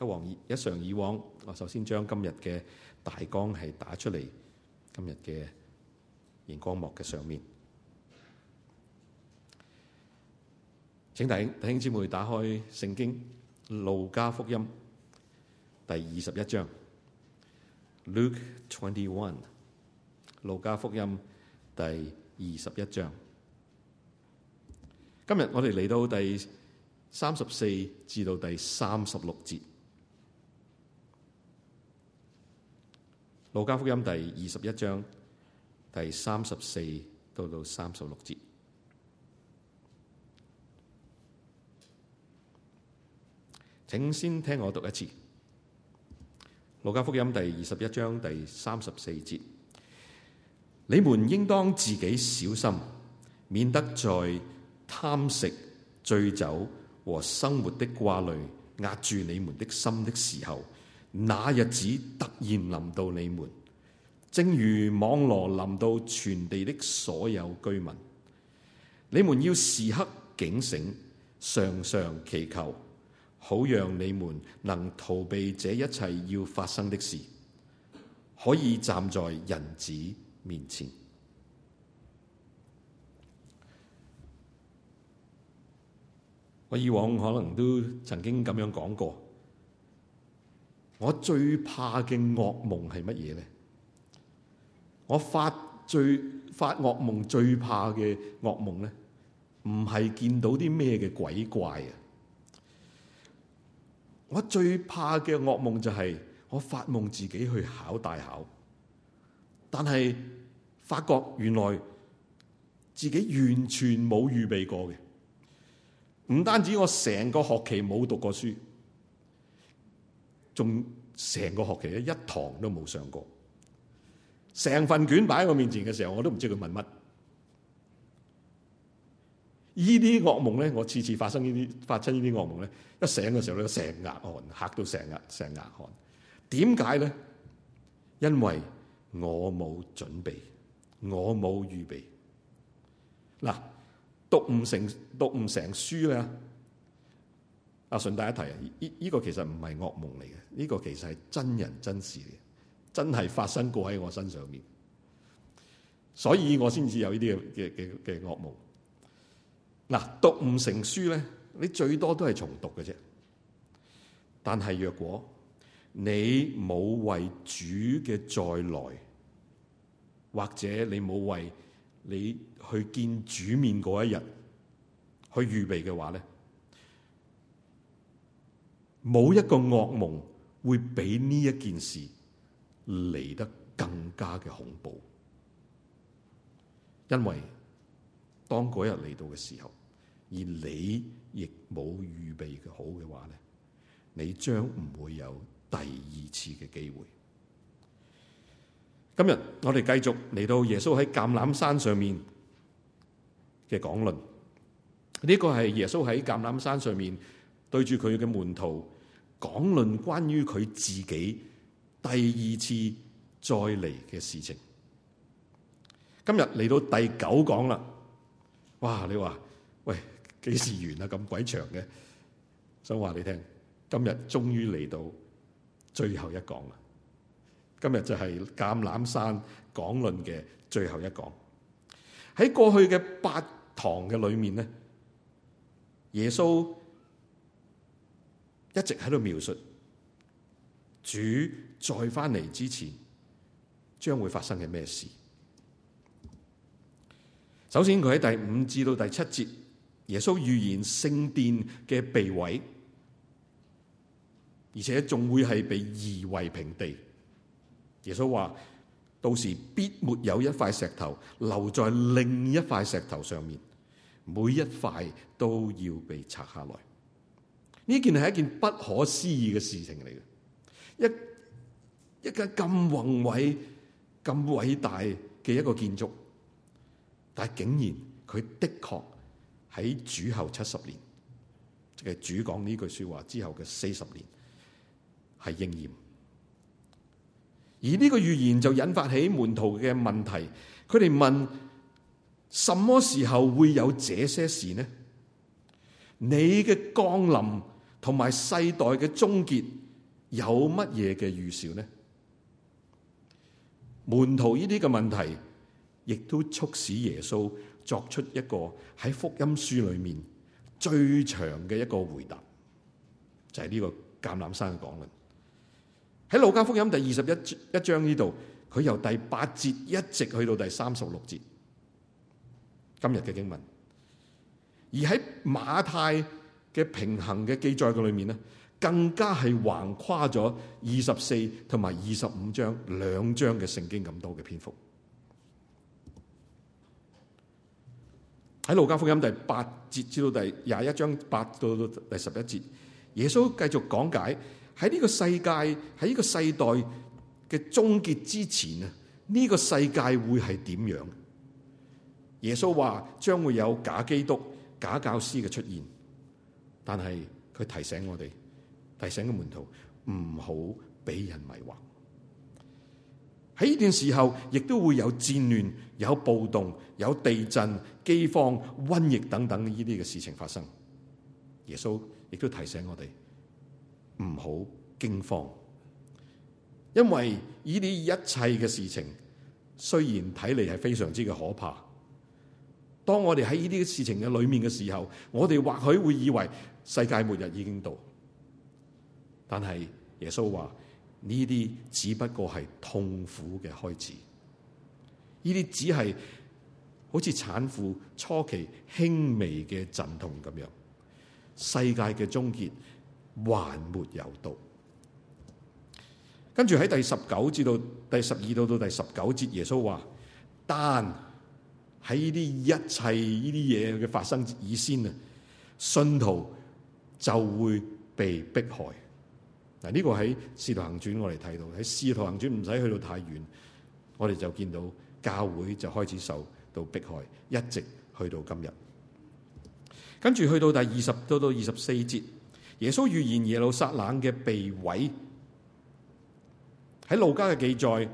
一往以一常以往，我首先將今日嘅大綱係打出嚟，今日嘅熒光幕嘅上面。請弟兄弟兄姊妹打開聖經《路加福音》第二十一章。Luke twenty one，路加福音第二十一章。今日我哋嚟到第三十四至到第三十六節。路加福音第二十一章第三十四到到三十六節，請先聽我讀一次。路加福音第二十一章第三十四節，你們應當自己小心，免得在貪食、醉酒和生活的掛慮壓住你們的心的時候，那日子突然臨到你們，正如網羅臨到全地的所有居民，你們要時刻警醒，常常祈求，好讓你們能逃避這一切要發生的事，可以站在人子面前。我以往可能都曾經咁樣講過。我最怕嘅噩夢係乜嘢咧？我發最發噩夢最怕嘅噩夢咧，唔係見到啲咩嘅鬼怪啊！我最怕嘅噩夢就係我發夢自己去考大考，但係發覺原來自己完全冇預備過嘅，唔單止我成個學期冇讀過書。仲成個學期咧一堂都冇上過，成份卷擺喺我面前嘅時候，我都唔知佢問乜。呢啲噩夢咧，我次次發生呢啲發生呢啲噩夢咧，一醒嘅時候咧，成額汗，嚇到成額成額汗。點解咧？因為我冇準備，我冇預備。嗱，讀唔成讀唔成書咧。阿順帶一提啊，呢、呢、呢個其實唔係噩夢嚟嘅，呢、呢個其實係真人真事嚟嘅，真係發生過喺我身上面，所以我先至有呢啲嘅嘅嘅噩夢。嗱，讀唔成書咧，你最多都係重讀嘅啫。但係若果你冇為主嘅再來，或者你冇為你去見主面嗰一日去預備嘅話咧？冇一個噩夢會比呢一件事嚟得更加嘅恐怖，因為當嗰日嚟到嘅時候，而你亦冇預備嘅好嘅話咧，你將唔會有第二次嘅機會。今日我哋繼續嚟到耶穌喺橄欖山上面嘅講論，呢個係耶穌喺橄欖山上面。對住佢嘅門徒講論關於佢自己第二次再嚟嘅事情。今日嚟到第九講啦，哇！你話喂，幾時完啊？咁鬼長嘅，想話你聽，今日終於嚟到最後一講啦。今日就係橄欖山講論嘅最後一講。喺過去嘅八堂嘅裏面咧，耶穌。一直喺度描述主再翻嚟之前將會發生嘅咩事。首先，佢喺第五至到第七節，耶穌預言聖殿嘅被毀，而且仲會係被夷為平地。耶穌話：到時必沒有一塊石頭留在另一塊石頭上面，每一塊都要被拆下來。呢件係一件不可思議嘅事情嚟嘅，一一個咁宏偉、咁偉大嘅一個建築，但係竟然佢的確喺主後七十年，即係主講呢句說話之後嘅四十年，係應驗。而呢個預言就引發起門徒嘅問題，佢哋問：什麼時候會有這些事呢？你嘅降臨，同埋世代嘅終結有乜嘢嘅預兆呢？門徒呢啲嘅問題，亦都促使耶穌作出一個喺福音書裏面最長嘅一個回答，就係、是、呢個橄欖山嘅講論。喺《路加福音》第二十一一章呢度，佢由第八節一直去到第三十六節，今日嘅經文。而喺馬太。嘅平衡嘅記載嘅裏面咧，更加係橫跨咗二十四同埋二十五章兩章嘅聖經咁多嘅篇幅，喺路加福音第八節至到第廿一章八到第十一節，耶穌繼續講解喺呢個世界喺呢個世代嘅終結之前啊，呢個世界會係點樣？耶穌話將會有假基督、假教師嘅出現。但係佢提醒我哋，提醒嘅門徒唔好俾人迷惑。喺呢段時候，亦都會有戰亂、有暴動、有地震、饑荒、瘟疫等等呢啲嘅事情發生。耶穌亦都提醒我哋，唔好驚慌，因為呢啲一切嘅事情雖然睇嚟係非常之嘅可怕。當我哋喺呢啲事情嘅裏面嘅時候，我哋或許會以為世界末日已經到，但係耶穌話呢啲只不過係痛苦嘅開始，呢啲只係好似產婦初期輕微嘅陣痛咁樣，世界嘅終結還沒有到。跟住喺第十九至到第十二節到第十九節，耶穌話單。喺呢啲一切呢啲嘢嘅發生以先啊，信徒就會被迫害。嗱，呢個喺《使徒行傳》我哋睇到，喺《使徒行傳》唔使去到太遠，我哋就見到教會就開始受到迫害，一直去到今日。跟住去到第二十到到二十四節，耶穌預言耶路撒冷嘅被毀喺路加嘅記載。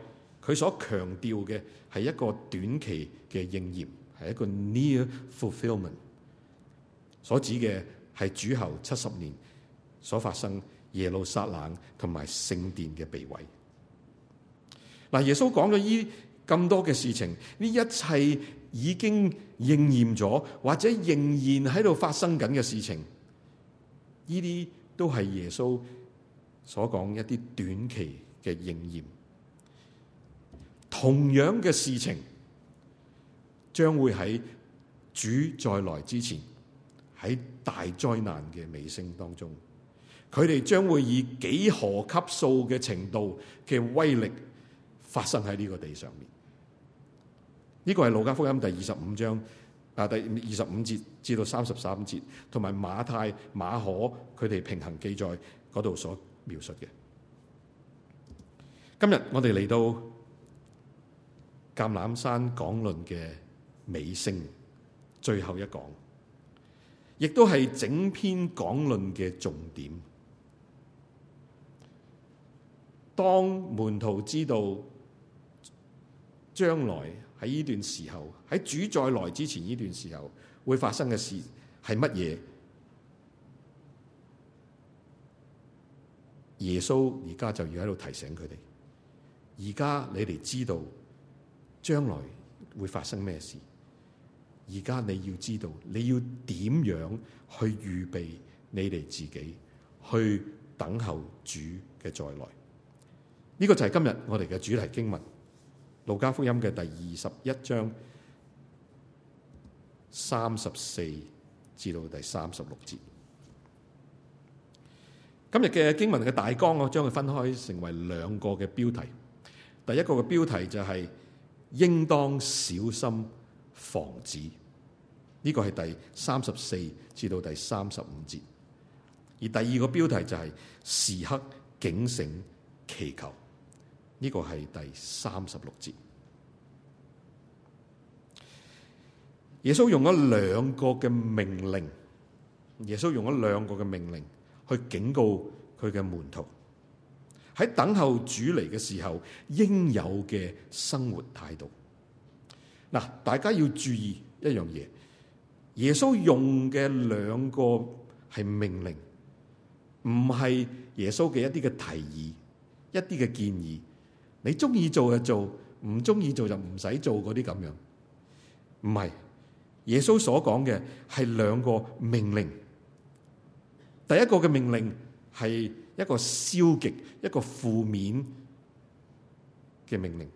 佢所強調嘅係一個短期嘅應驗，係一個 near fulfillment。所指嘅係主後七十年所發生耶路撒冷同埋聖殿嘅被毀。嗱，耶穌講咗依咁多嘅事情，呢一切已經應驗咗，或者仍然喺度發生緊嘅事情，呢啲都係耶穌所講一啲短期嘅應驗。同樣嘅事情將會喺主再來之前，喺大災難嘅尾聲當中，佢哋將會以幾何級數嘅程度嘅威力發生喺呢個地上面。呢個係《路加福音》第二十五章啊，第二十五節至到三十三節，同埋馬太、馬可佢哋平行記載嗰度所描述嘅。今日我哋嚟到。橄欖山講論嘅尾聲，最後一講，亦都係整篇講論嘅重點。當門徒知道將來喺呢段時候，喺主再來之前呢段時候會發生嘅事係乜嘢？耶穌而家就要喺度提醒佢哋，而家你哋知道。將來會發生咩事？而家你要知道，你要點樣去預備你哋自己，去等候主嘅再來。呢個就係今日我哋嘅主題經文《路加福音》嘅第二十一章三十四至到第三十六節。今日嘅經文嘅大綱，我將佢分開成為兩個嘅標題。第一個嘅標題就係，應當小心防止，呢個係第三十四至到第三十五節。而第二個標題就係時刻警醒祈求，呢個係第三十六節。耶穌用咗兩個嘅命令，耶穌用咗兩個嘅命令去警告佢嘅門徒。喺等候主嚟嘅時候，應有嘅生活態度。嗱，大家要注意一樣嘢。耶穌用嘅兩個係命令，唔係耶穌嘅一啲嘅提議、一啲嘅建議。你中意做就做，唔中意做就唔使做。嗰啲咁樣，唔係耶穌所講嘅係兩個命令。第一個嘅命令係。一個消極、一個負面嘅命令，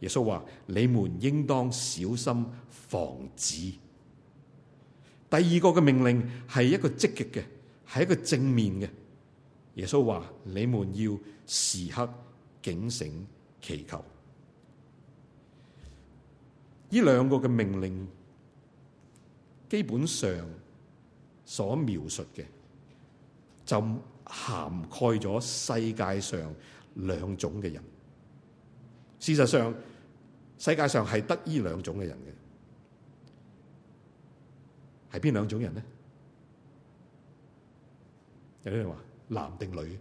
耶穌話：你們應當小心防止。第二個嘅命令係一個積極嘅，係一個正面嘅。耶穌話：你們要時刻警醒祈求。呢兩個嘅命令基本上所描述嘅就。涵蓋咗世界上兩種嘅人。事實上，世界上係得依兩種嘅人嘅，係邊兩種人咧？有啲人話男定女，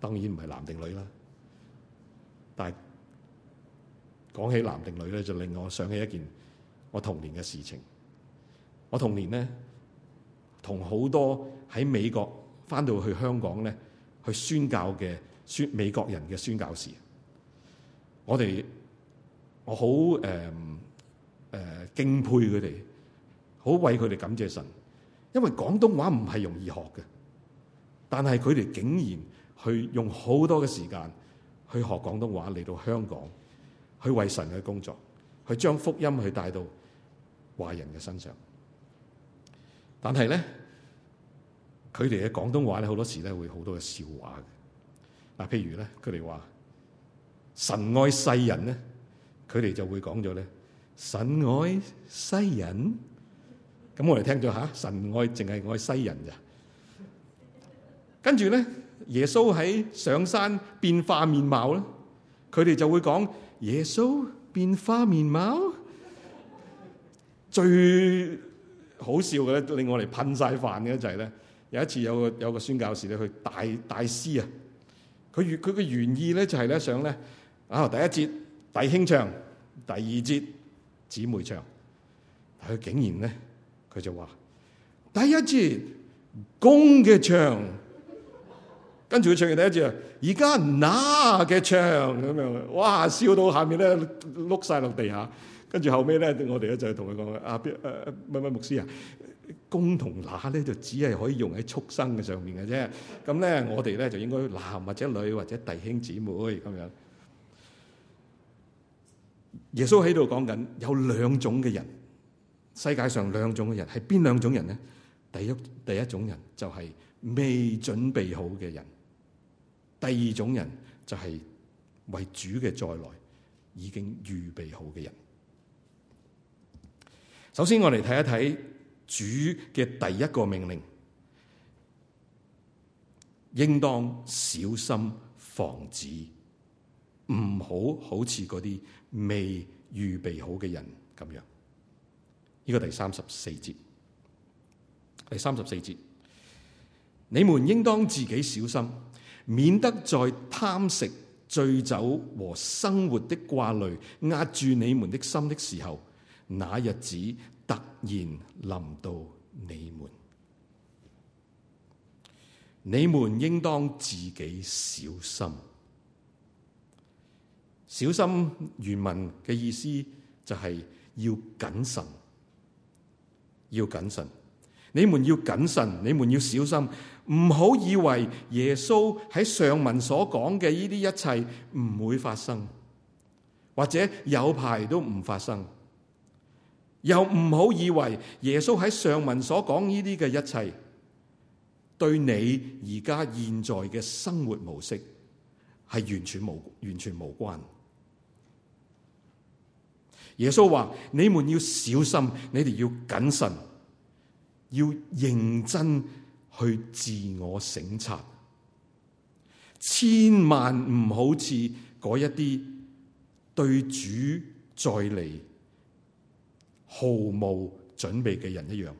當然唔係男定女啦。但係講起男定女咧，就令我想起一件我童年嘅事情。我童年咧，同好多喺美國。翻到去香港咧，去宣教嘅宣美國人嘅宣教士，我哋我好誒、誒敬佩佢哋，好為佢哋感謝神，因為廣東話唔係容易學嘅，但係佢哋竟然去用好多嘅時間去學廣東話嚟到香港，去為神嘅工作，去將福音去帶到華人嘅身上，但係咧。佢哋嘅廣東話咧，好多時咧會好多嘅笑話嘅。嗱，譬如咧，佢哋話神愛世人咧，佢哋就會講咗咧，神愛西人。咁我哋聽咗吓，神愛淨係愛西人咋？跟住咧，耶穌喺上山變化面貌咧，佢哋就會講耶穌變化面貌。最好笑嘅咧，令我哋噴晒飯嘅就係、是、咧。有一次有個有個宣教士咧去大大師啊，佢原佢嘅原意咧就係咧想咧啊第一節弟兄唱，第二節姊妹唱，但佢竟然咧佢就話第一節公嘅唱，跟住佢唱完第一節，而家乸嘅唱咁樣，哇笑到下面咧碌晒落地下。後我就跟住後尾咧我哋咧就係同佢講啊邊乜乜牧師啊。啊啊啊啊公同乸咧就只係可以用喺畜生嘅上面嘅啫，咁咧我哋咧就應該男或者女或者弟兄姊妹咁樣。耶穌喺度講緊有兩種嘅人，世界上兩種嘅人係邊兩種人咧？第一第一種人就係未準備好嘅人，第二種人就係為主嘅再來已經預備好嘅人。首先我哋嚟睇一睇。主嘅第一個命令，應當小心防止，唔好好似嗰啲未預備好嘅人咁樣。呢、這個第三十四節，第三十四節，你們應當自己小心，免得再貪食、醉酒和生活的掛慮壓住你們的心的時候，那日子。突然臨到你們，你們應當自己小心。小心原文嘅意思就係要謹慎，要謹慎。你們要謹慎，你們要小心，唔好以為耶穌喺上文所講嘅呢啲一切唔會發生，或者有排都唔發生。又唔好以為耶穌喺上文所講呢啲嘅一切，對你而家現在嘅生活模式係完全無完全無關。耶穌話：你們要小心，你哋要謹慎，要認真去自我省察，千萬唔好似嗰一啲對主再嚟毫無準備嘅人一樣，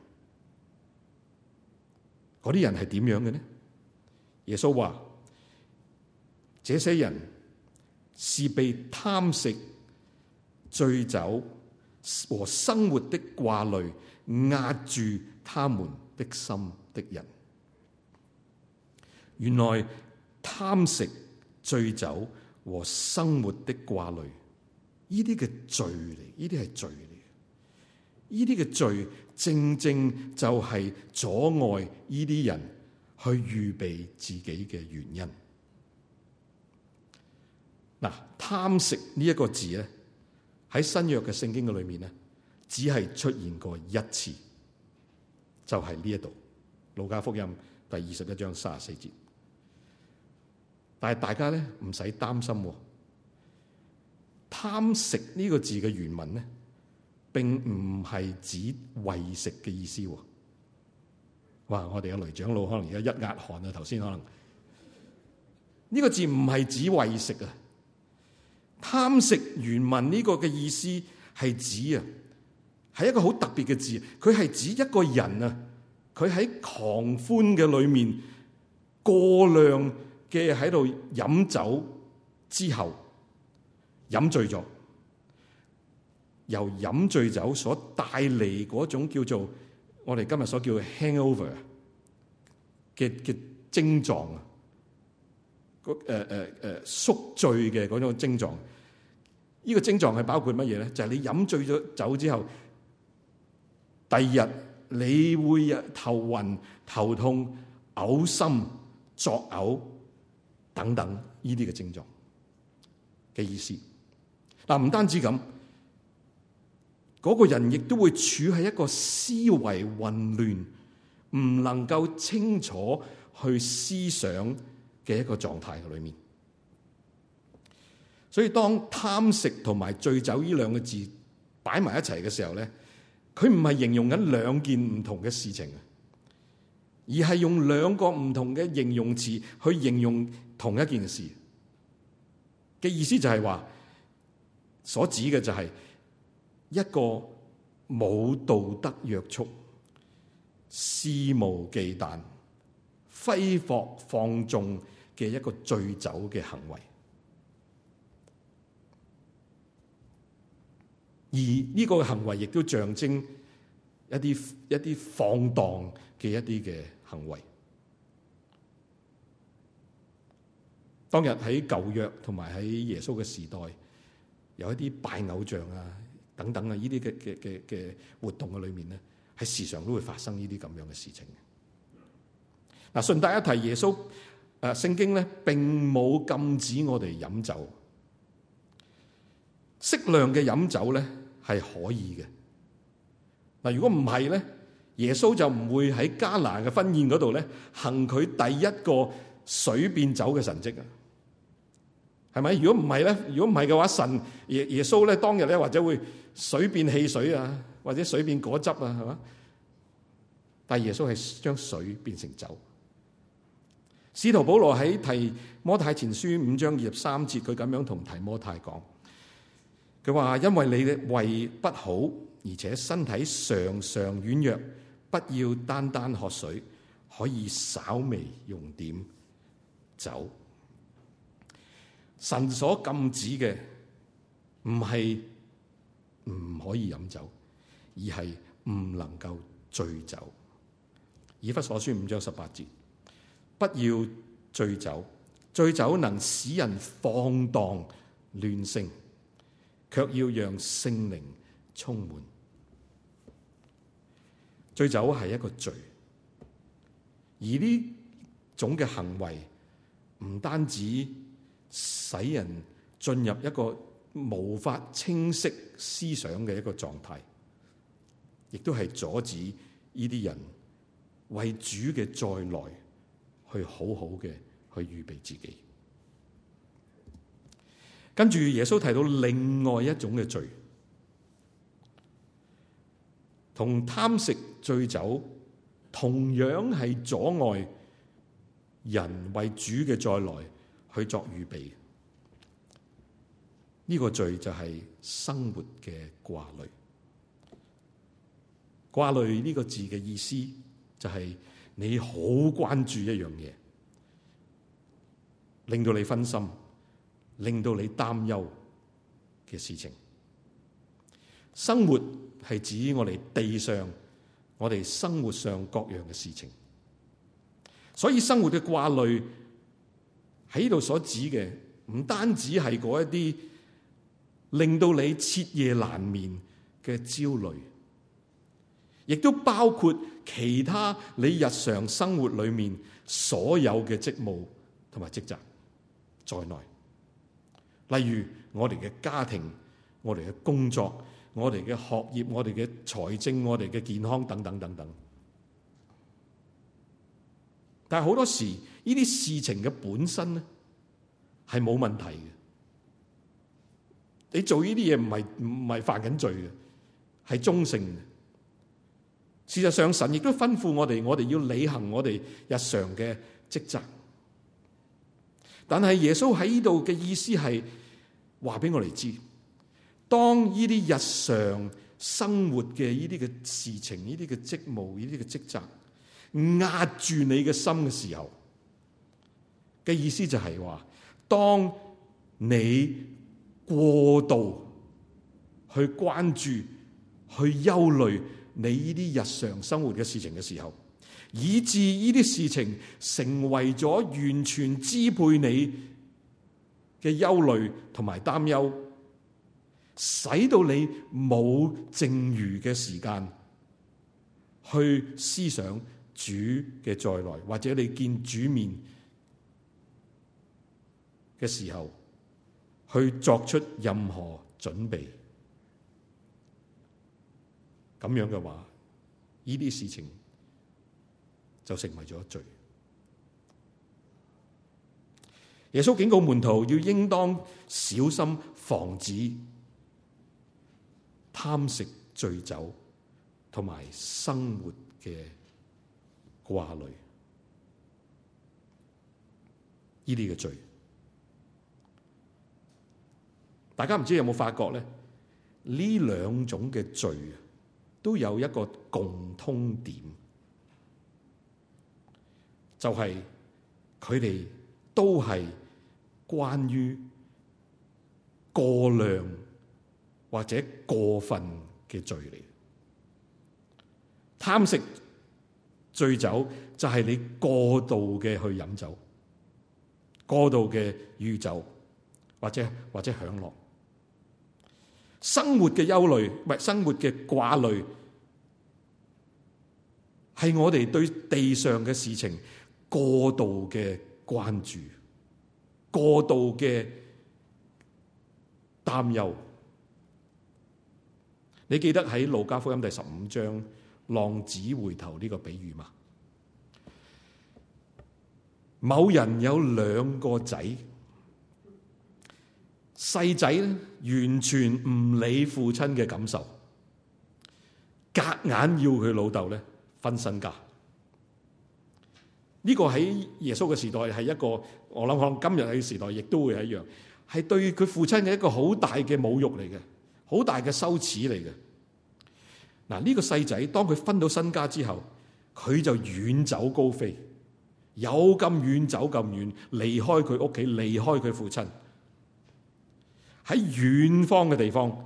嗰啲人係點樣嘅呢？耶穌話：這些人是被貪食、醉酒和生活的掛慮壓住他們的心的人。原來貪食、醉酒和生活的掛慮，呢啲嘅罪嚟，呢啲係罪。呢啲嘅罪正正就係阻礙呢啲人去預備自己嘅原因。嗱，貪食呢一個字咧，喺新約嘅聖經嘅裏面咧，只係出現過一次，就係呢一度，路加福音第二十一章三十四節。但係大家咧唔使擔心，貪食呢個字嘅原文咧。並唔係指餵食嘅意思喎，哇！我哋嘅雷長老可能而家一額汗啊，頭先可能呢個字唔係指餵食啊，貪食原文呢個嘅意思係指啊，係一個好特別嘅字，佢係指一個人啊，佢喺狂歡嘅裏面過量嘅喺度飲酒之後飲醉咗。由飲醉酒所帶嚟嗰種叫做我哋今日所叫 hangover 嘅嘅症狀啊，嗰誒誒宿醉嘅嗰種症狀。呢、呢個症狀係包括乜嘢咧？就係、係、你飲醉咗酒之後，第二日你會頭暈、頭痛、嘔心、作嘔等等呢啲嘅症狀嘅意思。嗱，唔單止咁。嗰、那個人亦都會處喺一個思維混亂、唔能夠清楚去思想嘅一個狀態裏面。所以當貪食同埋醉酒呢兩個字擺埋一齊嘅時候咧，佢唔係形容緊兩件唔同嘅事情啊，而係用兩個唔同嘅形容詞去形容同一件事嘅意思，就係話，所指嘅就係、是。一個冇道德約束、肆無忌憚、揮霍放縱嘅一個醉酒嘅行為，而呢個行為亦都象徵一啲一啲放蕩嘅一啲嘅行為。當日喺舊約同埋喺耶穌嘅時代，有一啲拜偶像啊。等等啊！呢啲嘅嘅嘅嘅活動嘅裏面咧，喺時常都會發生呢啲咁樣嘅事情嘅。嗱，順帶一提，耶穌誒聖經咧並冇禁止我哋飲酒，適量嘅飲酒咧係可以嘅。嗱，如果唔係咧，耶穌就唔會喺迦拿嘅婚宴嗰度咧行佢第一個水變酒嘅神跡啊！係咪？如果唔係咧，如果唔係嘅話，神耶耶穌咧當日咧或者會水變汽水啊，或者水變果汁啊，係嘛？但耶穌係將水變成酒。使徒保羅喺提摩太前書五章二十三節，佢咁樣同提摩太講：佢話因為你嘅胃不好，而且身體常常軟弱，不要單單喝水，可以稍微用點酒。神所禁止嘅，唔係唔可以飲酒，而係唔能夠醉酒。以弗所書五章十八節，不要醉酒。醉酒能使人放蕩、亂性，卻要讓聖靈充滿。醉酒係一個罪，而呢種嘅行為唔單止使人進入一個無法清晰思想嘅一個狀態，亦都係阻止呢啲人為主嘅再來去好好嘅去預備自己。跟住耶穌提到另外一種嘅罪，同貪食醉酒同樣係阻礙人為主嘅再來去作預備，呢、這個罪就係生活嘅掛慮。掛慮呢個字嘅意思就係你好關注一樣嘢，令到你分心，令到你擔憂嘅事情。生活係指我哋地上，我哋生活上各樣嘅事情，所以生活嘅掛慮喺度所指嘅唔單止係嗰一啲令到你徹夜難眠嘅焦慮，亦都包括其他你日常生活裏面所有嘅職務同埋職責在內，例如我哋嘅家庭、我哋嘅工作、我哋嘅學業、我哋嘅財政、我哋嘅健康、等等等等。但係好多時，呢啲事情嘅本身咧，係冇問題嘅。你做呢啲嘢唔係唔係犯緊罪嘅，係中性嘅。事實上，神亦都吩咐我哋，我哋要履行我哋日常嘅職責。但係耶穌喺呢度嘅意思係話俾我哋知，當呢啲日常生活嘅呢啲嘅事情、呢啲嘅職務、呢啲嘅職責。壓住你嘅心嘅時候嘅意思就係話，當你過度去關注、去憂慮你呢啲日常生活嘅事情嘅時候，以致呢啲事情成為咗完全支配你嘅憂慮同埋擔憂，使到你冇剩餘嘅時間去思想主嘅再來，或者你見主面嘅時候，去作出任何準備，咁樣嘅話，呢啲事情就成為咗罪。耶穌警告門徒要應當小心防止貪食、醉酒同埋生活嘅。掛慮呢啲嘅罪，大家唔知有冇發覺咧？呢兩種嘅罪，都有一個共通點，就係佢哋都係關於過量或者過分嘅罪嚟嘅，貪食。醉酒就係你過度嘅去飲酒，過度嘅酗酒或者或者享樂，生活嘅憂慮唔係生活嘅掛慮，係我哋對地上嘅事情過度嘅關注，過度嘅擔憂。你記得喺路加福音第十五章。浪子回頭呢個比喻嘛？某人有兩個仔，細仔咧完全唔理父親嘅感受，隔硬要佢老豆咧分身家。呢、這個喺耶穌嘅時代係一個，我諗可能今日喺時代亦都會係一樣，係對佢父親嘅一個好大嘅侮辱嚟嘅，好大嘅羞恥嚟嘅。嗱，呢個細仔當佢分到身家之後，佢就遠走高飛，有咁遠走咁遠，離開佢屋企，離開佢父親，喺遠方嘅地方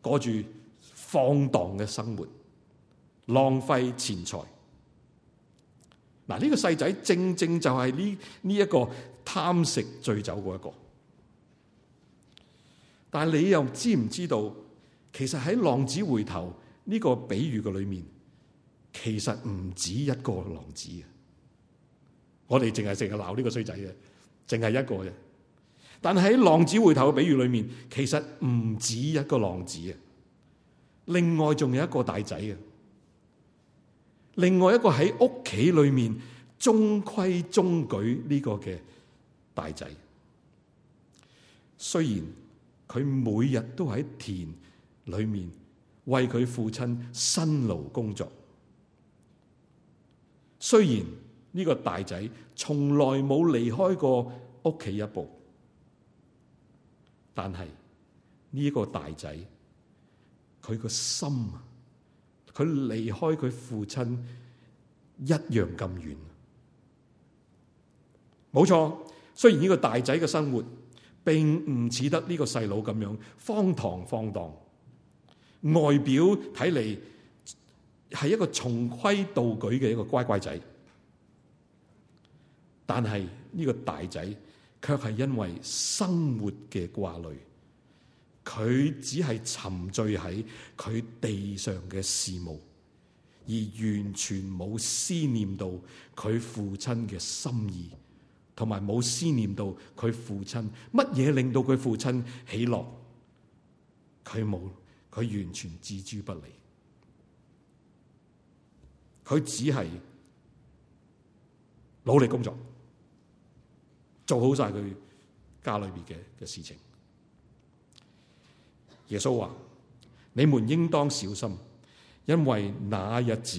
過住放蕩嘅生活，浪費錢財。嗱，呢個細仔正正就係呢呢一個貪食醉酒嗰一個。但係你又知唔知道，其實喺浪子回頭，呢、這個比喻嘅裏面，其實唔止一個浪子啊！我哋淨係成日鬧呢個衰仔嘅，淨係一個嘅。但係喺浪子回頭嘅比喻裏面，其實唔止一個浪子啊！另外仲有一個大仔啊！另外一個喺屋企裏面中規中矩呢個嘅大仔，雖然佢每日都喺田裏面。為佢父親辛勞工作，雖然呢個大仔從來冇離開過屋企一步，但係呢個大仔，佢個心，佢離開佢父親一樣咁遠。冇錯，雖然呢個大仔嘅生活並唔似得呢個細佬咁樣荒唐放蕩。外表睇嚟係一個循規蹈矩嘅一個乖乖仔，但係呢個大仔卻係因為生活嘅掛慮，佢只係沉醉喺佢地上嘅事務，而完全冇思念到佢父親嘅心意，同埋冇思念到佢父親乜嘢令到佢父親喜樂，佢冇。佢完全置之不理，佢只係努力工作，做好晒佢家裏邊嘅嘅事情。耶穌話：你們應當小心，因為那日子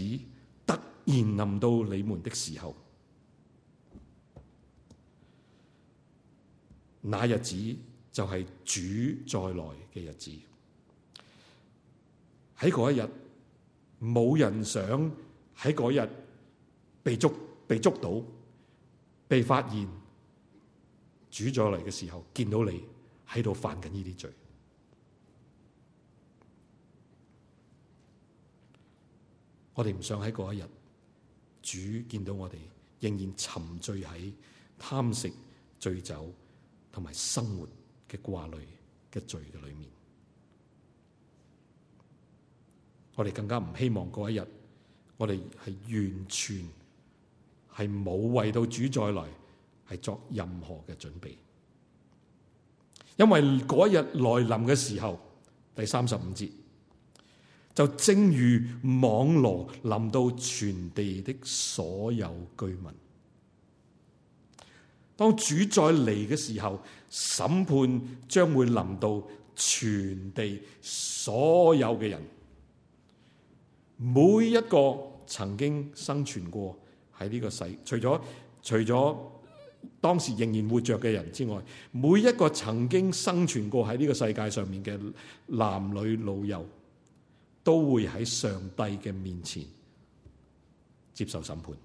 突然臨到你們的時候，那日子就係主再來嘅日子。喺嗰一日，冇人想喺嗰日被捉、被捉到、被發現主再嚟嘅時候見到你喺度犯緊呢啲罪。我哋唔想喺嗰一日主見到我哋仍然沉醉喺貪食、醉酒同埋生活嘅掛慮嘅罪嘅裏面。我哋更加唔希望嗰一日，我哋係完全係冇為到主再來，係作任何嘅準備。因為嗰一日來臨嘅時候，第三十五節就正如網羅臨到全地的所有居民。當主再嚟嘅時候，審判將會臨到全地所有嘅人。每一個曾經生存過喺呢個世，除咗除咗當時仍然活着嘅人之外，每一個曾經生存過喺呢個世界上面嘅男女老幼，都會喺上帝嘅面前接受審判，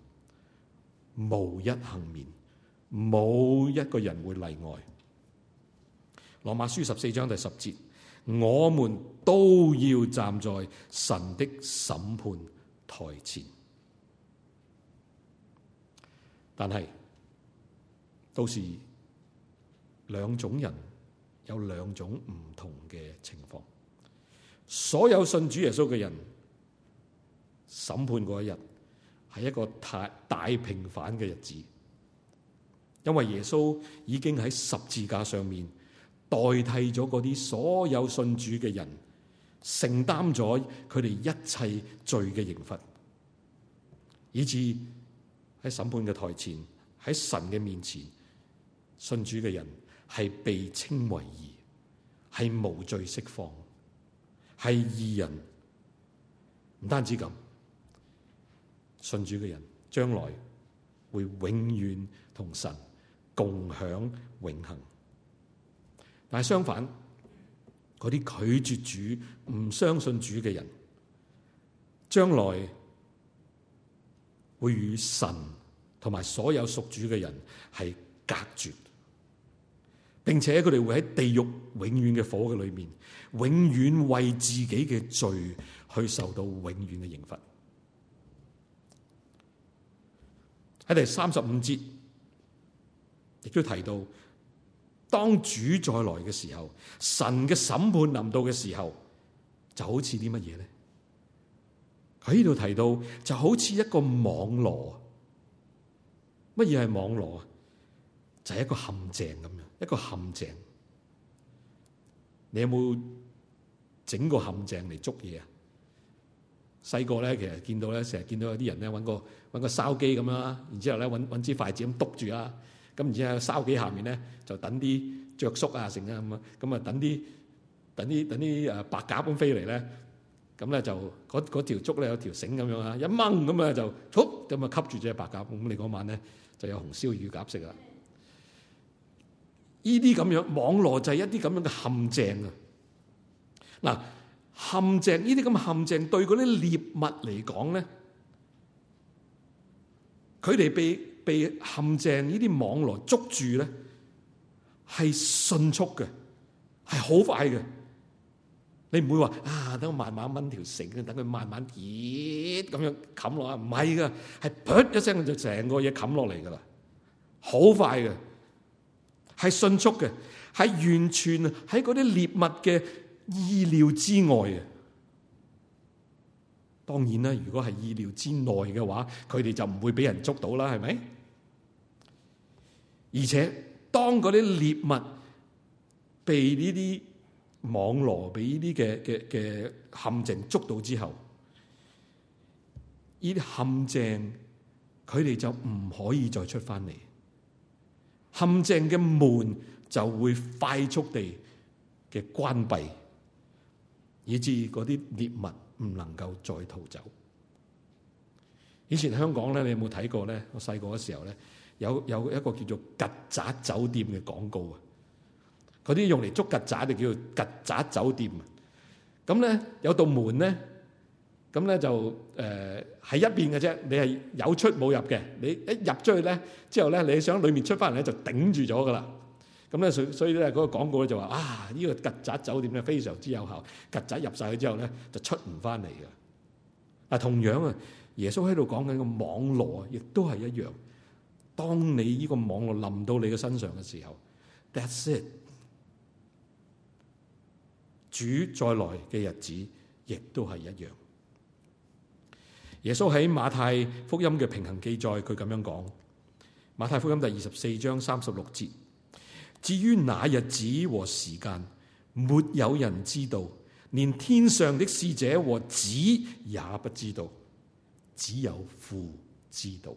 無一幸免，冇一個人會例外。羅馬書十四章第十節。我們都要站在神的審判台前。但是，但係到時兩種人有兩種唔同嘅情況。所有信主耶穌嘅人，審判嗰一日係一個太大平反嘅日子，因為耶穌已經喺十字架上面。代替咗嗰啲所有信主嘅人，承擔咗佢哋一切罪嘅刑罰，以致喺審判嘅台前，喺神嘅面前，信主嘅人係被稱為義，係無罪釋放，係義人。唔單止咁，信主嘅人將來會永遠同神共享永恆。但相反，嗰啲拒絕主、唔相信主嘅人，將來會與神同埋所有屬主嘅人係隔絕，並且佢哋會喺地獄永遠嘅火嘅裏面，永遠為自己嘅罪去受到永遠嘅刑罰。喺第三十五節亦都提到。當主再來嘅時候，神嘅審判臨到嘅時候，就好似啲乜嘢咧？喺呢度提到就好似一個網羅，乜嘢係網羅啊？就係一個陷阱咁樣，一個陷阱。你有冇整個陷阱嚟捉嘢啊？細個咧，其實見到咧，成日見到有啲人咧，揾個揾個筲箕咁啦，然之後咧，揾揾支筷子咁篤住啊。咁然之後喺筲箕下面咧，就等啲着宿啊，成啊咁啊，咁啊等啲等啲等啲誒白鴿咁飛嚟咧，咁咧就嗰條竹咧有條繩咁樣啊，一掹咁啊就，咁啊吸住隻白鴿，咁你嗰晚咧就有紅燒乳鴿食啦。呢啲咁樣網絡就係一啲咁樣嘅陷阱啊！嗱，陷阱呢啲咁陷阱對嗰啲獵物嚟講咧，佢哋被。被陷阱呢啲網羅捉住咧，係迅速嘅，係好快嘅。你唔會話啊，等我慢慢掹條繩，等佢慢慢咦，咁樣冚落啊。唔係噶，係噗一聲就成個嘢冚落嚟噶啦，好快嘅，係迅速嘅，係完全喺嗰啲獵物嘅意料之外嘅。當然啦，如果係意料之內嘅話，佢哋就唔會俾人捉到啦，係咪？而且，當嗰啲獵物被呢啲網羅，被呢啲嘅嘅嘅陷阱捉到之後，呢啲陷阱佢哋就唔可以再出翻嚟。陷阱嘅門就會快速地嘅關閉，以致嗰啲獵物唔能夠再逃走。以前香港咧，你有冇睇過咧？我細個嘅時候咧。有有一個叫做曱甴酒店嘅廣告啊，嗰啲用嚟捉曱甴，就叫做曱甴酒店。咁咧有道門咧，咁咧就誒喺、呃、一邊嘅啫。你係有出冇入嘅。你一入咗去咧，之後咧你想裏面出翻嚟咧就頂住咗噶啦。咁咧所所以咧嗰、那個廣告咧就話啊，呢、這個曱甴酒店咧非常之有效，曱甴入晒去之後咧就出唔翻嚟嘅。嗱同樣啊，耶穌喺度講緊個網羅啊，亦都係一樣。當你呢個網羅臨到你嘅身上嘅時候，That’s it。主再來嘅日子亦都係一樣。耶穌喺馬太福音嘅平行記載，佢咁樣講：馬太福音第二十四章三十六節，至於那日子和時間，沒有人知道，連天上的使者和子也不知道，只有父知道。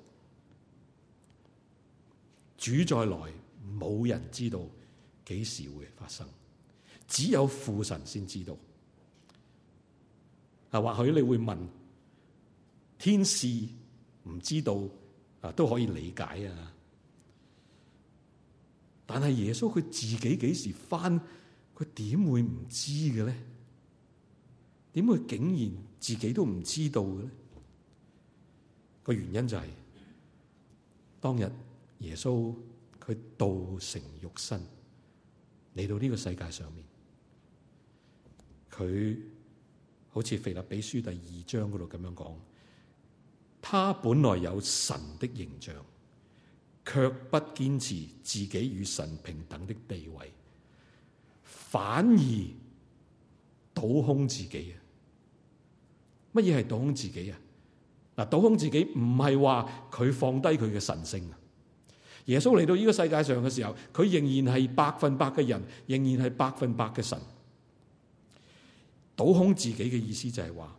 主再來，冇人知道幾時會發生，只有父神先知道。啊，或許你會問，天使唔知道啊，都可以理解啊。但係耶穌佢自己幾時返，佢點會唔知嘅咧？點會竟然自己都唔知道嘅咧？個原因就係、是、當日。耶穌佢道成肉身嚟到呢個世界上面，佢好似腓立比書第二章嗰度咁樣講，他本來有神的形象，卻不堅持自己與神平等的地位，反而倒空自己。乜嘢係倒空自己呀？倒空自己唔係話佢放低佢嘅神性。」耶穌嚟到呢個世界上嘅時候，佢仍然係百分百嘅人，仍然係百分百嘅神。倒空自己嘅意思就係話，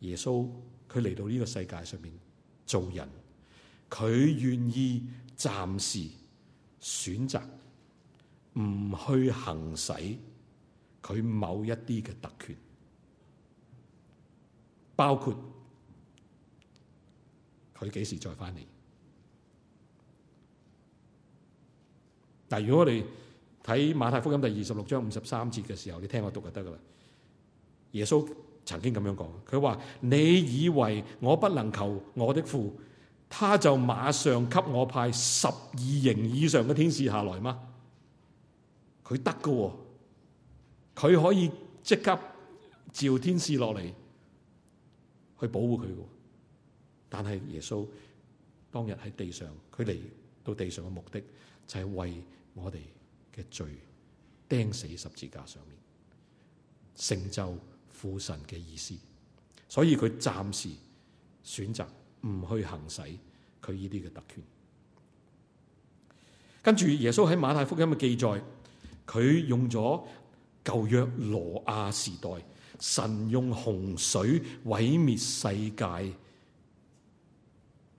耶穌佢嚟到呢個世界上面做人，佢願意暫時選擇唔去行使佢某一啲嘅特權，包括佢幾時再翻嚟。但如果我哋睇馬太福音第二十六章五十三節嘅時候，你聽我讀就得噶啦。耶穌曾經咁樣講，佢話：你以為我不能求我的父，他就馬上給我派十二營以上嘅天使下來嗎？佢得噶，佢可以即刻召天使落嚟去保護佢噶。但係耶穌當日喺地上，佢嚟到地上嘅目的就係、是、為。我哋嘅罪釘死十字架上面，成就父神嘅意思，所以佢暫時選擇唔去行使佢呢啲嘅特權。跟住耶穌喺馬太福音嘅記載，佢用咗舊約挪亞時代，神用洪水毀滅世界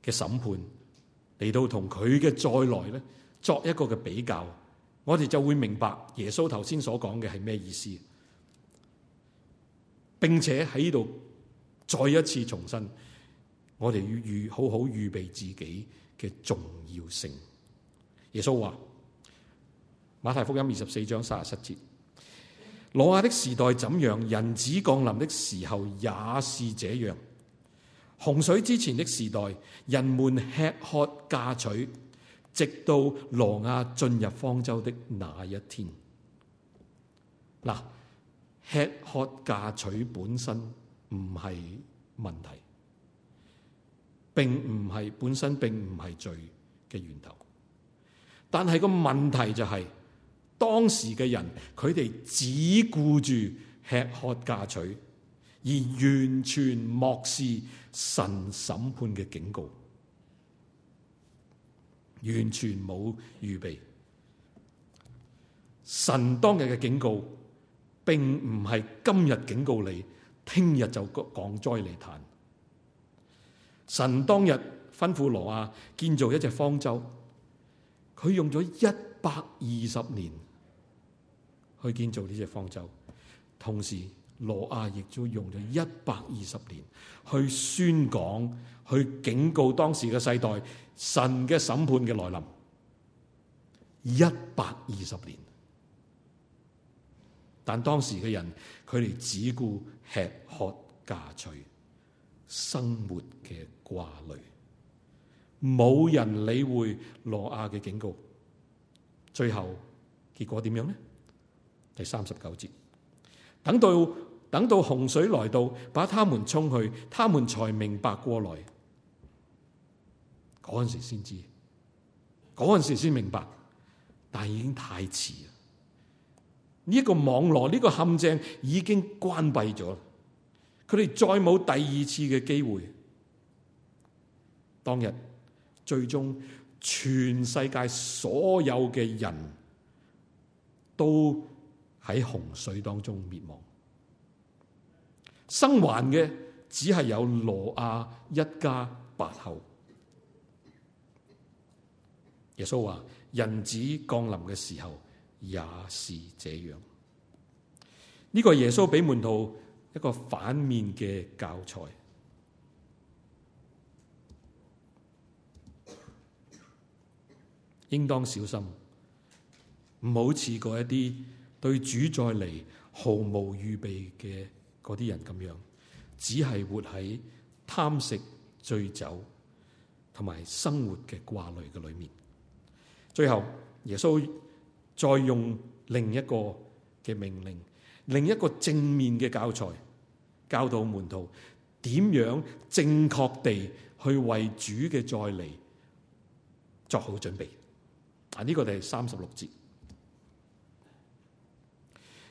嘅審判嚟到同佢嘅再來咧，作一個嘅比較，我哋就會明白耶穌頭先所講嘅係咩意思。並且喺呢度再一次重申，我哋要預好好預備自己嘅重要性。耶穌話：馬太福音二十四章三十七節，羅亞的時代怎樣，人子降臨的時候也是這樣。洪水之前的時代，人們吃喝嫁娶。直到挪亞進入方舟的那一天，嗱，吃喝嫁娶本身唔係問題，並唔係本身並唔係罪嘅源頭。但係個問題就係、是、當時嘅人，佢哋只顧住吃喝嫁娶，而完全漠視神審判嘅警告。完全冇預備。神當日嘅警告並唔係今日警告你，聽日就降災嚟談。神當日吩咐挪亞建造一隻方舟，佢用咗一百二十年去建造呢隻方舟，同時。羅亞亦都用咗一百二十年去宣講、去警告當時嘅世代神嘅審判嘅來臨。一百二十年，但當時嘅人，佢哋只顧吃喝、嫁娶、生活嘅掛慮，冇人理會羅亞嘅警告。最後結果點樣呢？第三十九節，等到。等到洪水來到，把他們沖去，他們才明白過來。嗰陣時先知，嗰陣時先明白，但已經太遲了。呢、這個網絡，呢、這個陷阱已經關閉咗，佢哋再冇第二次嘅機會。當日，最終全世界所有嘅人都喺洪水當中滅亡。生還嘅只係有挪亞一家八口。耶穌話：人子降臨嘅時候，也是這樣。呢個耶穌俾門徒一個反面嘅教材，應當小心，唔好似嗰一啲對主再嚟毫無預備嘅。嗰啲人咁樣，只係活喺貪食、醉酒同埋生活嘅掛慮嘅裏面。最後，耶穌再用另一個嘅命令，另一個正面嘅教材，教導門徒點樣正確地去為主嘅再嚟作好準備。啊，呢個就係三十六節，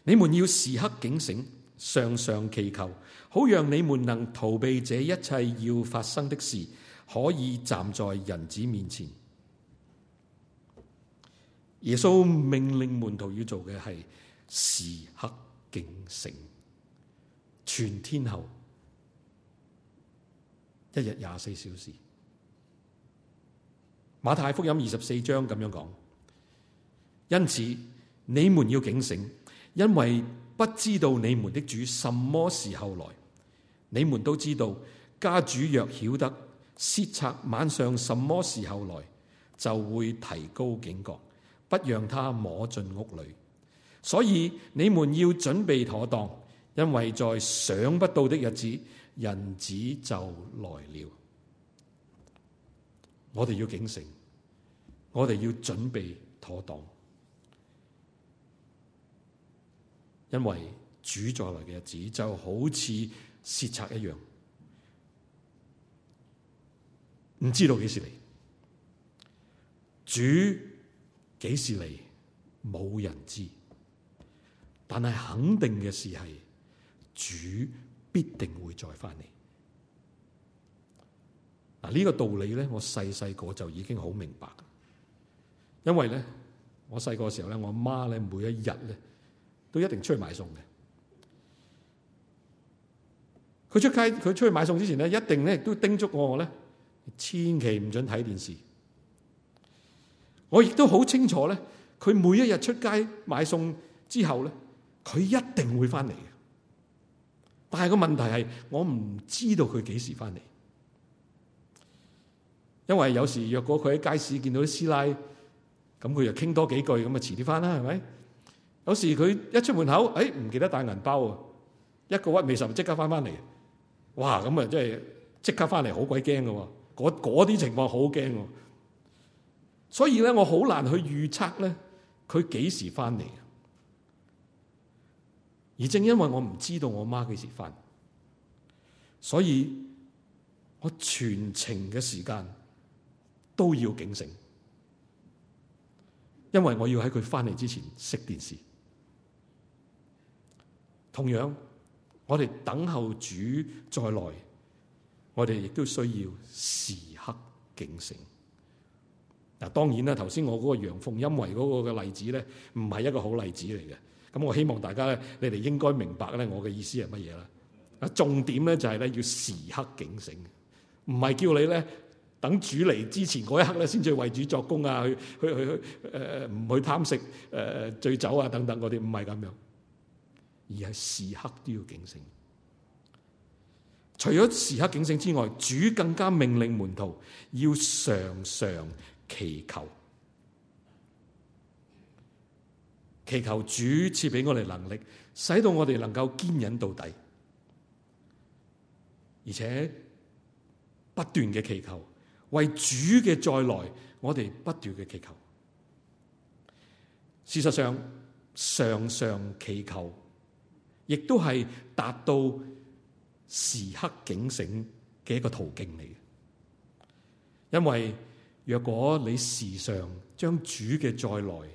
你們要時刻警醒。常常祈求，好讓你們能逃避這一切要發生的事，可以站在人子面前。耶穌命令門徒要做嘅係時刻警醒，全天候，一日廿四小時。馬太福音二十四章咁樣講，因此你們要警醒，因為，不知道你們的主什麼時候來，你們都知道家主若曉得竊賊晚上什麼時候來，就會提高警覺，不讓他摸進屋裏。所以你們要準備妥當，因為在想不到的日子，人子就來了。我哋要警醒，我哋要準備妥當。因為主再來嘅日子就好似竊賊一樣，唔知道幾時嚟。主幾時嚟？冇人知。但係肯定嘅事係，主必定會再翻嚟。嗱，呢個道理呢，我細細個就已經好明白。因為呢，我細個嘅時候咧，我阿媽咧，每一日咧都一定出去買餸嘅。佢出街，佢出去買餸之前咧，一定咧都叮囑我我咧，千祈唔准睇電視。我亦都好清楚咧，佢每一日出街買餸之後咧，佢一定會翻嚟嘅。但係個問題係，我唔知道佢幾時翻嚟，因為有時若果佢喺街市見到啲師奶，咁佢又傾多幾句，咁啊遲啲翻啦，係咪？嗰時佢一出門口，誒、哎、唔記得帶銀包啊！一個屈未十，即刻翻翻嚟。哇，咁啊，即係即刻翻嚟，好鬼驚噶！嗰嗰啲情況好驚，所以咧我好難去預測咧佢幾時翻嚟。而正因為我唔知道我媽幾時翻，所以我全程嘅時間都要警醒，因為我要喺佢翻嚟之前熄電視。同樣，我哋等候主再來，我哋亦都需要時刻警醒。嗱，當然啦，頭先我嗰個陽奉陰違嗰個嘅例子咧，唔係一個好例子嚟嘅。咁我希望大家咧，你哋應該明白咧，我嘅意思係乜嘢啦？啊，重點咧就係咧要時刻警醒，唔係叫你咧等主嚟之前嗰一刻咧先至為主作工啊，去去去誒唔、呃、去貪食誒、呃、醉酒啊等等嗰啲，唔係咁樣。而係時刻都要警醒。除咗時刻警醒之外，主更加命令門徒要常常祈求，祈求主賜俾我哋能力，使到我哋能夠堅忍到底，而且不斷嘅祈求為主嘅再來，我哋不斷嘅祈求。事實上，常常祈求。亦都係達到時刻警醒嘅一個途徑嚟嘅，因為若果你時常將主嘅再來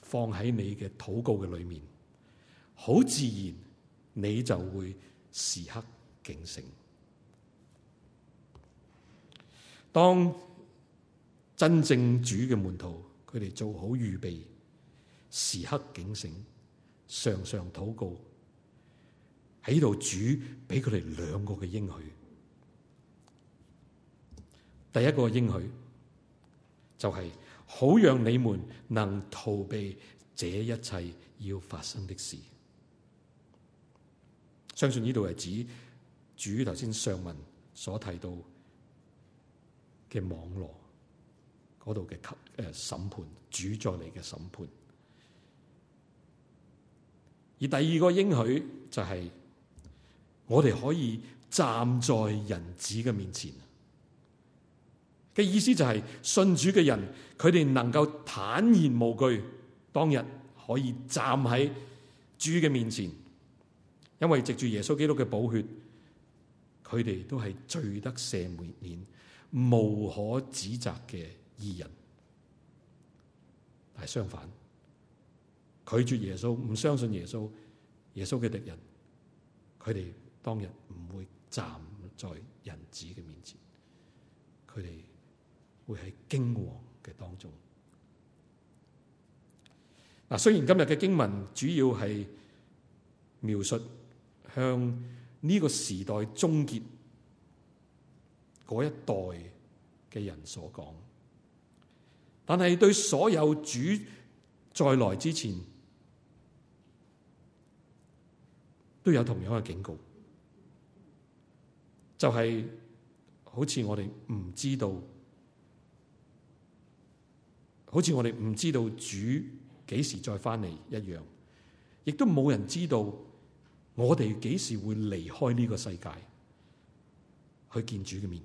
放喺你嘅禱告嘅裏面，好自然你就會時刻警醒。當真正主嘅門徒，佢哋做好預備，時刻警醒，常常禱告。喺度主俾佢哋兩個嘅應許，第一個應許就係好讓你們能逃避這一切要發生嘅事。相信呢度係指主頭先上文所提到嘅網絡嗰度嘅吸誒審判，主再嚟嘅審判。而第二個應許就係、是。我哋可以站在人子嘅面前嘅意思就係、是、信主嘅人，佢哋能夠坦然無懼，當日可以站喺主嘅面前，因為藉住耶穌基督嘅寶血，佢哋都係罪得赦免、免無可指責嘅義人。但係相反，拒絕耶穌、唔相信耶穌、耶穌嘅敵人，佢哋。當日唔會站在人子嘅面前，佢哋會喺驚惶嘅當中。嗱，雖然今日嘅經文主要係描述向呢個時代終結嗰一代嘅人所講，但係對所有主再來之前都有同樣嘅警告。就係、是，好似我哋唔知道，好似我哋唔知道主幾時再翻嚟一樣，亦都冇人知道我哋幾時會離開呢個世界去見主嘅面。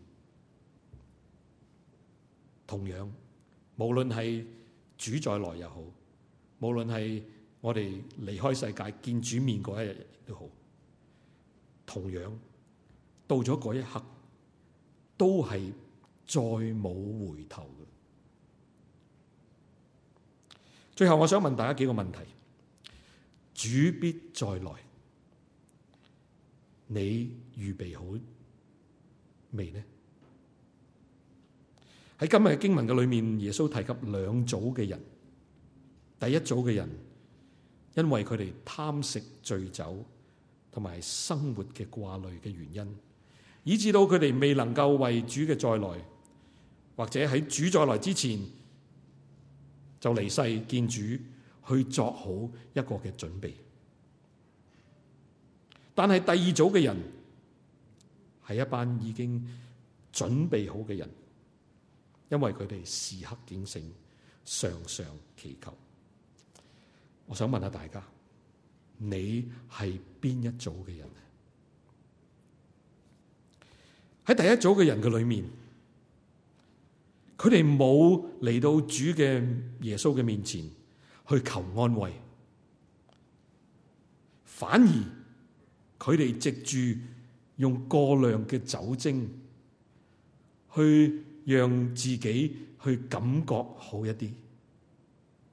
同樣，無論係主再來又好，無論係我哋離開世界見主面嗰一日都好，同樣。到咗嗰一刻，都係再冇回頭嘅。最後，我想問大家幾個問題：主必再來，你預備好未呢？喺今日嘅經文嘅裏面，耶穌提及兩組嘅人。第一組嘅人，因為佢哋貪食醉酒同埋生活嘅掛慮嘅原因。以至到佢哋未能夠為主嘅再來，或者喺主再來之前就離世見主，去作好一個嘅準備。但係第二組嘅人係一班已經準備好嘅人，因為佢哋時刻警醒，常常祈求。我想問下大家，你係邊一組嘅人？喺第一組嘅人嘅裏面，佢哋冇嚟到主嘅耶穌嘅面前去求安慰，反而佢哋藉住用過量嘅酒精去讓自己去感覺好一啲，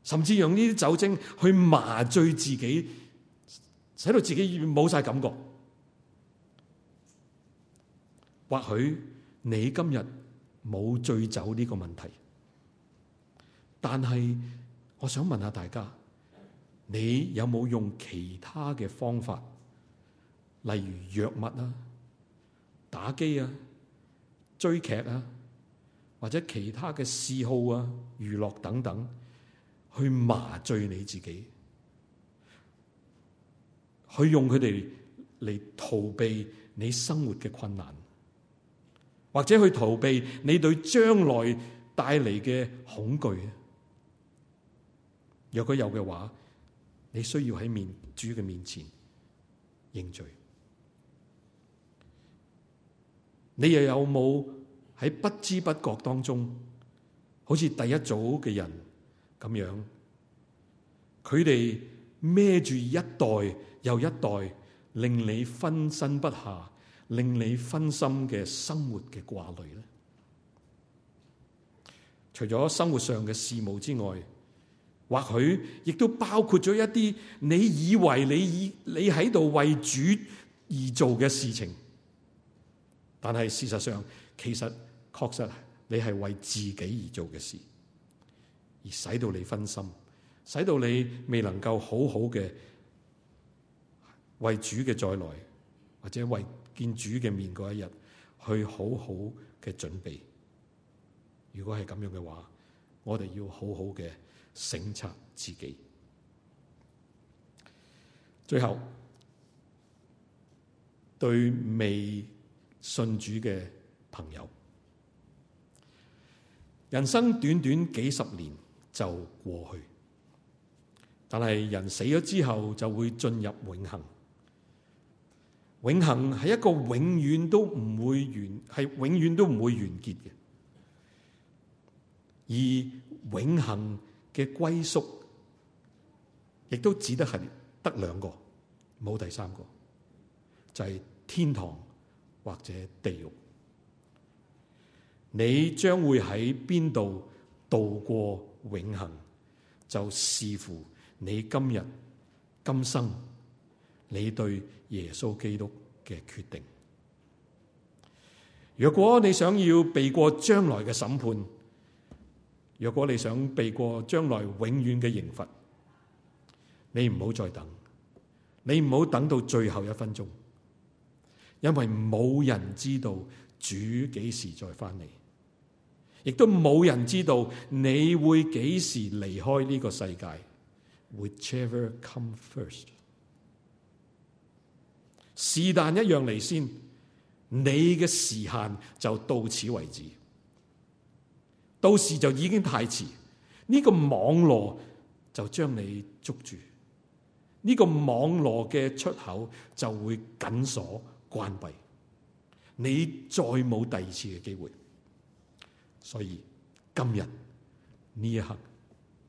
甚至用呢啲酒精去麻醉自己，使到自己冇晒感覺。或許你今日冇醉酒呢個問題，但係我想問下大家，你有冇用其他嘅方法，例如藥物啊、打機啊、追劇啊，或者其他嘅嗜好啊、娛樂等等，去麻醉你自己，去用佢哋嚟逃避你生活嘅困難，或者去逃避你對將來帶嚟嘅恐懼，若果有嘅話，你需要喺面主嘅面前認罪。你又有冇喺不知不覺當中，好似第一組嘅人咁樣，佢哋孭住一代又一代，令你分身不下。令你分心嘅生活嘅掛慮咧，除咗生活上嘅事務之外，或許亦都包括咗一啲你以為你以你喺度為主而做嘅事情，但係事實上其實確實你係為自己而做嘅事，而使到你分心，使到你未能夠好好嘅為主嘅再來或者為。見主嘅面嗰一日，去好好嘅準備。如果係咁樣嘅話，我哋要好好嘅省察自己。最後，對未信主嘅朋友，人生短短幾十年就過去，但係人死咗之後就會進入永恆。永恆係一個永遠都唔會完，係永遠都唔會完結嘅。而永恆嘅歸宿，亦都只得係得兩個，冇第三個，就係天堂或者地獄。你將會喺邊度度過永恆？就視乎你今日今生你對耶穌基督嘅決定。如果你想要避過將來嘅審判，如果你想避過將來永遠嘅刑罰，你唔好再等，你唔好等到最後一分鐘，因為冇人知道主幾時再翻嚟，亦都冇人知道你會幾時離開呢個世界。Whichever come first。是但一樣嚟先，你嘅時限就到此為止，到時就已經太遲。呢個網絡就將你捉住，呢個網絡嘅出口就會緊鎖關閉，你再冇第二次嘅機會。所以今日呢一刻，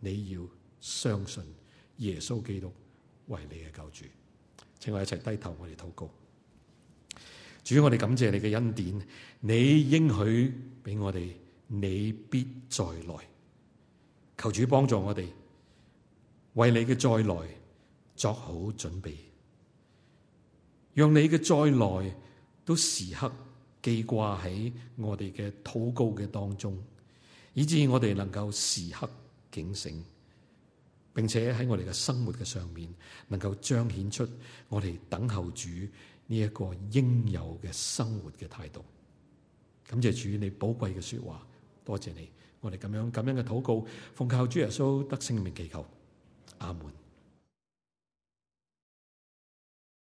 你要相信耶穌基督為你嘅救主。請我一齊低頭，我哋禱告。主，我哋感謝你嘅恩典，你應許俾我哋，你必再來。求主幫助我哋，為你嘅再來作好準備，讓你嘅再來都時刻記掛喺我哋嘅禱告嘅當中，以致我哋能夠時刻警醒。並且喺我哋嘅生活嘅上面，能夠彰顯出我哋等候主呢一個應有嘅生活嘅態度。感謝主，你寶貴嘅說話，多謝你，我哋咁樣咁樣嘅禱告，奉靠主耶穌得勝嘅名祈求，阿門。